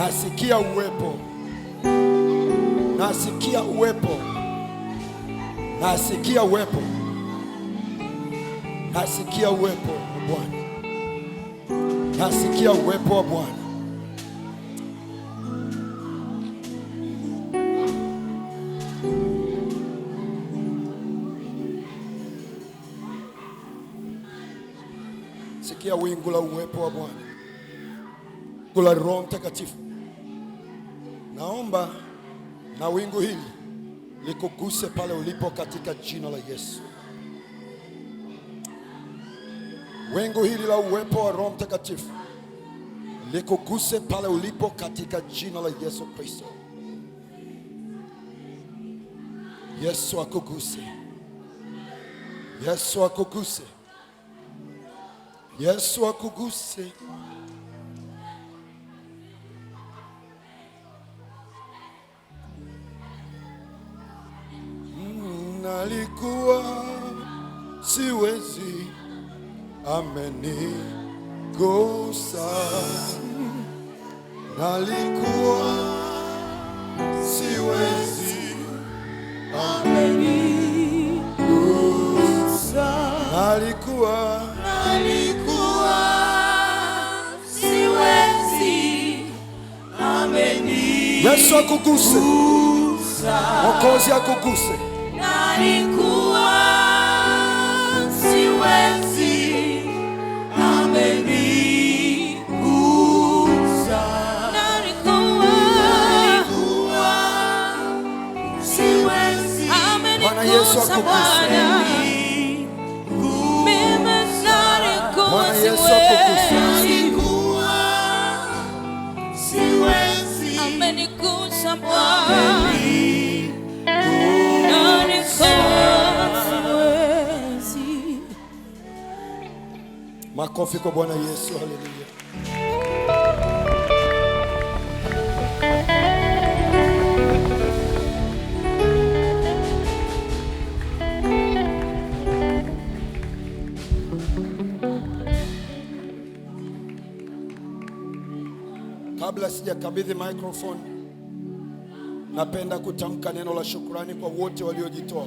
Nasikia uwepo, nasikia uwepo, nasikia uwepo, nasikia uwepo wa Bwana, nasikia uwepo wa Bwana. Sikia wingu la uwepo wa Bwana, wingu la Roho Mtakatifu naomba na wingu hili likuguse pale ulipo katika jina la Yesu. Wingu hili la uwepo wa Roho Mtakatifu likuguse pale ulipo katika jina la Yesu Kristo. Yesu akuguse. Yesu akuguse. Yesu akuguse. nalikuwa siwezi, amenigusa. Nalikuwa siwezi, amenigusa. Nalikuwa nalikuwa siwezi, amenigusa. Yesu akuguse, Mwokozi akuguse Siwezi, amenigusa Bwana. Makofi kwa Bwana Yesu, haleluya. Kabla sijakabidhi microphone, napenda kutamka neno la shukrani kwa wote waliojitoa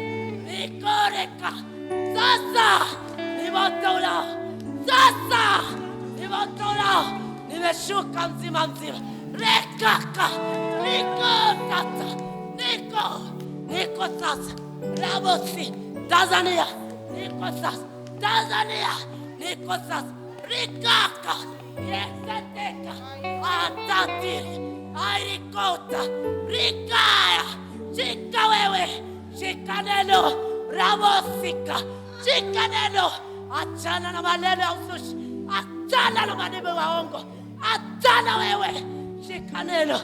mwaka mzima mzima rekaka niko niko niko rabosi Tanzania, niko Tanzania, niko rikaka yeseteka atatiri arikota rikaya shika wewe, chika neno rabosika, chika neno, achana na maneno ya usushi achana na maneno ya uongo achana wewe, shika neno,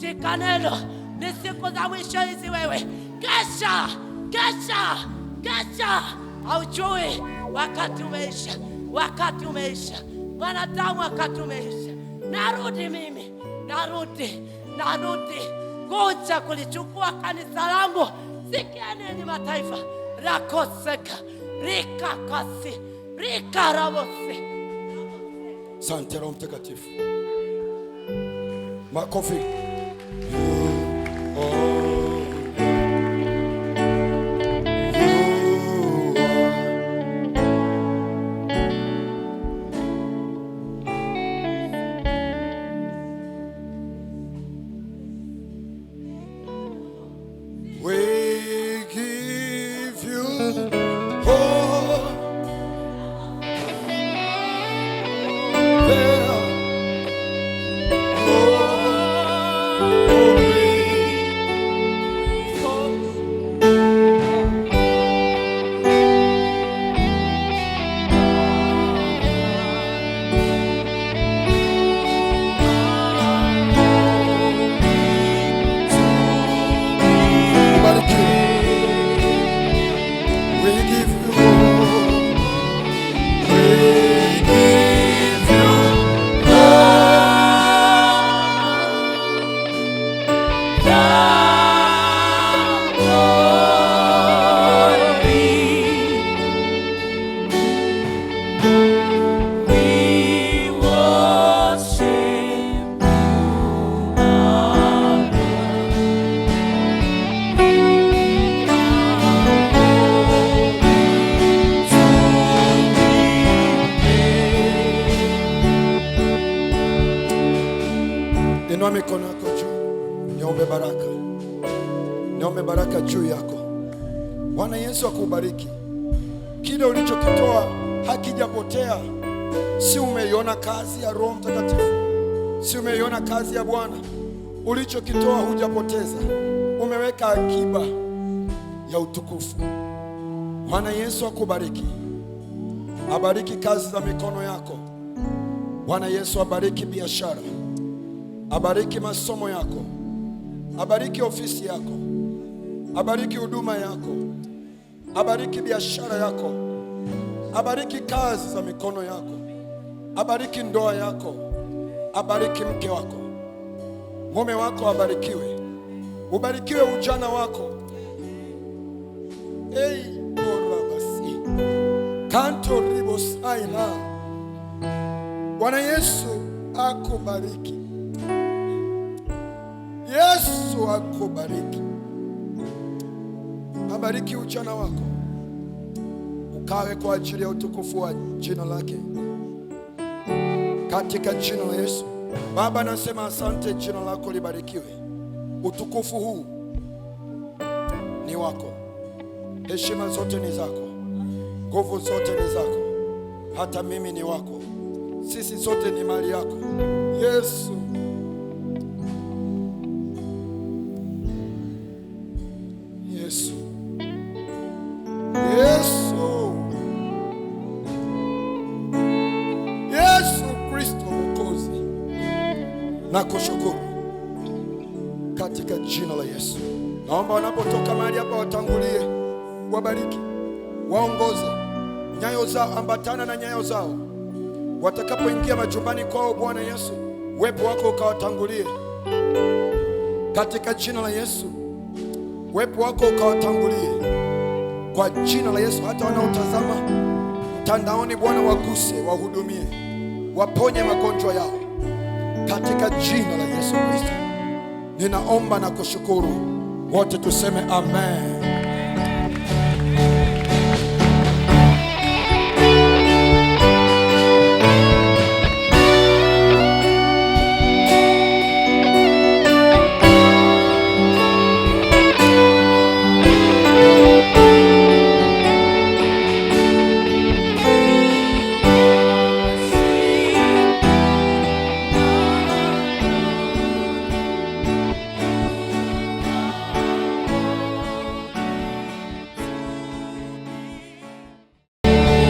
shika neno. Ni siku za mwisho hizi wewe, kesha, kesha, kesha. Haujui wakati umeisha, wakati umeisha wanadamu, wakati umeisha. Narudi mimi, narudi, narudi kuja kulichukua kanisa langu. Sikieni enyi mataifa, rakoseka rika rikaravosi Sante Roho Mtakatifu, makofi oh. mikono yako juu, niombe baraka, niombe baraka juu yako. Bwana Yesu akubariki. Kile ulichokitoa hakijapotea. Si umeiona kazi ya Roho Mtakatifu? Si umeiona kazi ya Bwana? Ulichokitoa hujapoteza, umeweka akiba ya utukufu. Bwana Yesu akubariki, abariki kazi za mikono yako. Bwana Yesu abariki biashara abariki masomo yako, abariki ofisi yako, abariki huduma yako, abariki biashara yako, abariki kazi za mikono yako, abariki ndoa yako, abariki mke wako, mume wako abarikiwe, ubarikiwe ujana wako. Ei orabasi kanto ribos aina Bwana Yesu akubariki. Yesu akubariki, abariki uchana wako, ukawe kwa ajili ya utukufu wa jina lake, katika jina la Yesu. Baba, nasema asante, jina lako libarikiwe. Utukufu huu ni wako, heshima zote ni zako, nguvu zote ni zako, hata mimi ni wako, sisi zote ni mali yako Yesu. na kushukuru katika jina la Yesu. Naomba wanapotoka mahali hapa watangulie, wabariki, waongoze, nyayo zao ambatana na nyayo zao, watakapoingia majumbani kwao, Bwana Yesu, uwepo wako ukawatangulie katika jina la Yesu, uwepo wako ukawatangulie kwa jina la Yesu. Hata wanaotazama mtandaoni, Bwana, waguse, wahudumie, waponye magonjwa yao katika jina la Yesu Kristo ninaomba na kushukuru. Wote tuseme amen.